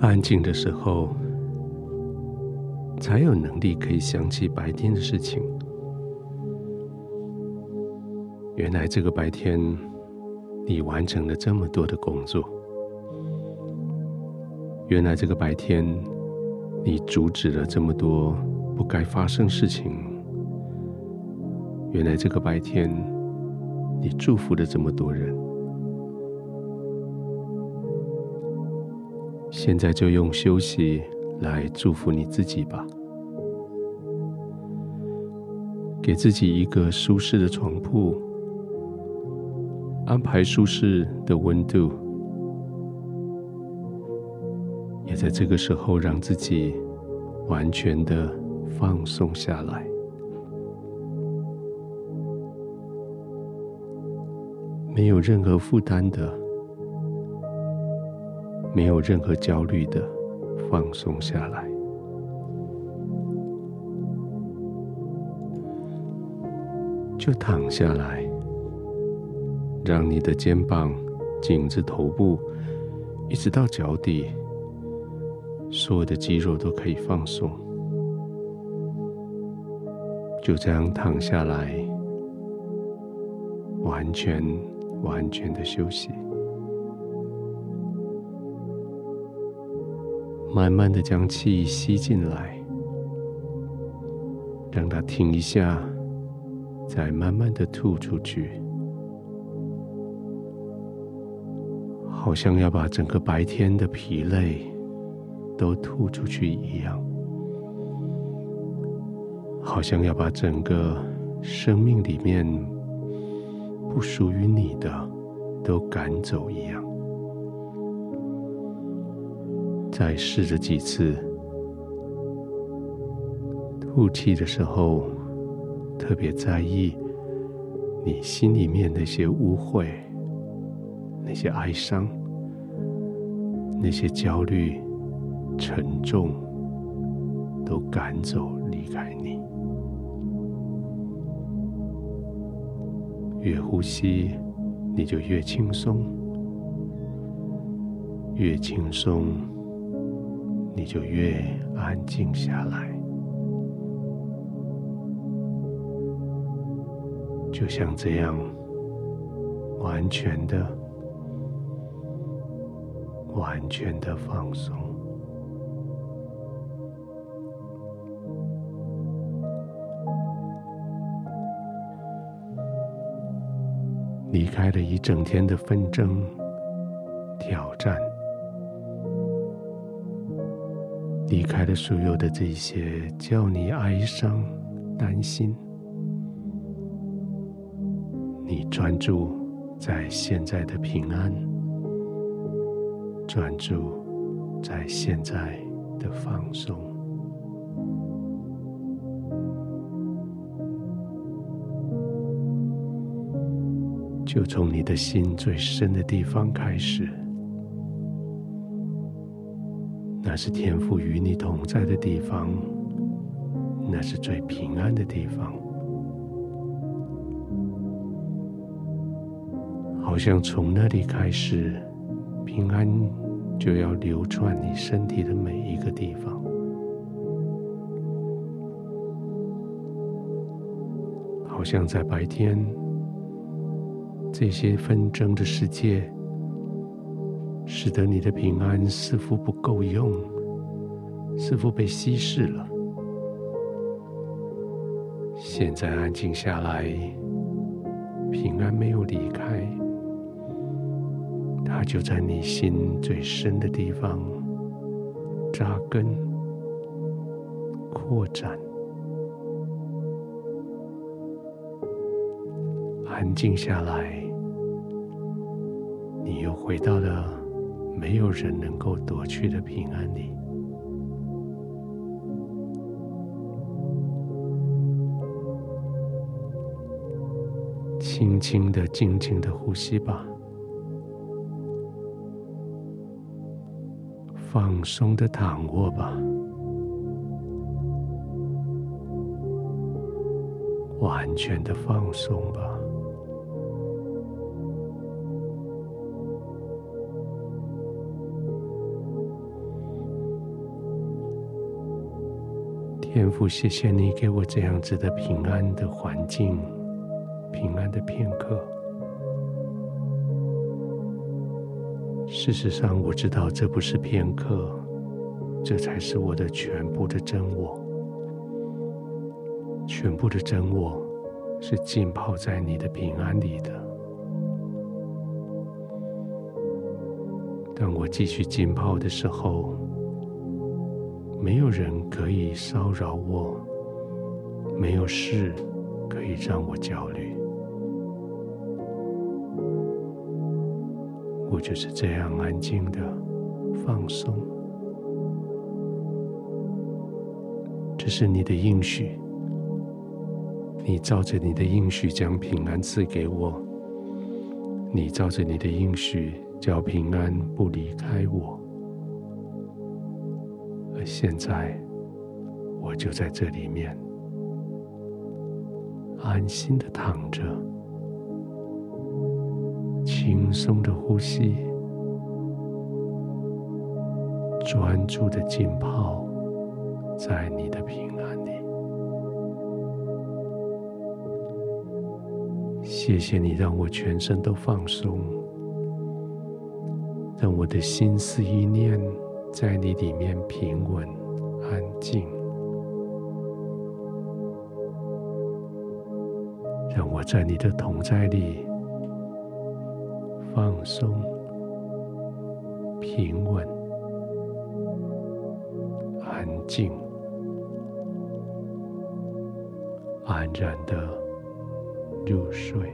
安靜的時候，才有能力可以想起白天的事情。原來這個白天，你完成了這麼多的工作。原來這個白天，你阻止了這麼多不該發生事情。原來這個白天，你祝福了這麼多人。現在就用休息來祝福你自己吧，給自己一個舒適的床鋪，安排舒適的溫度，也在這個時候讓自己完全的放鬆下來，沒有任何負擔的。沒有任何焦慮的放鬆下來，就躺下來，讓你的肩膀、頸子、頭部，一直到腳底，所有的肌肉都可以放鬆。就這樣躺下來，完全完全的休息。慢慢的將氣吸進來，讓它停一下，再慢慢的吐出去，好像要把整個白天的疲累都吐出去一樣，好像要把整個生命裡面不屬於你的都趕走一樣。再試着幾次吐氣的時候，特別在意你心裡面那些污穢、那些哀傷、那些焦慮、沉重，都趕走、離開你。越呼吸，你就越輕鬆，越輕鬆。你就越安靜下來，就像這樣，完全的、完全的放鬆，離開了一整天的紛爭、挑戰。離開了所有的這些叫你哀傷、擔心，你專注在現在的平安，專注在現在的放鬆，就從你的心最深的地方開始。那是天父與你同在的地方，那是最平安的地方。好像從那裡開始，平安就要流傳你身體的每一個地方。好像在白天，這些紛爭的世界，使得你的平安似乎不夠用。似乎被稀釋了。現在安靜下來，平安沒有離開，它就在你心最深的地方扎根、擴展。安靜下來，你又回到了沒有人能夠奪去的平安裡。輕輕的、靜靜的呼吸吧，放鬆的躺臥吧，完全的放鬆吧。天父，謝謝你給我這樣子的平安的環境。平安的片刻。事實上，我知道這不是片刻，這才是我的全部的真我。全部的真我是浸泡在你的平安裡的。當我繼續浸泡的時候，沒有人可以騷擾我，沒有事可以讓我焦慮。我就是這樣安靜的放鬆。這是你的應許，你照着你的應許將平安賜給我，你照着你的應許叫平安不離開我。而現在，我就在這裡面安心的躺着。輕鬆的呼吸，專注的浸泡在你的平安裡。謝謝你，讓我全身都放鬆，讓我的心思意念在你裡面平穩、安靜，讓我在你的同在裡。放鬆，平穩，安靜，安然地入睡。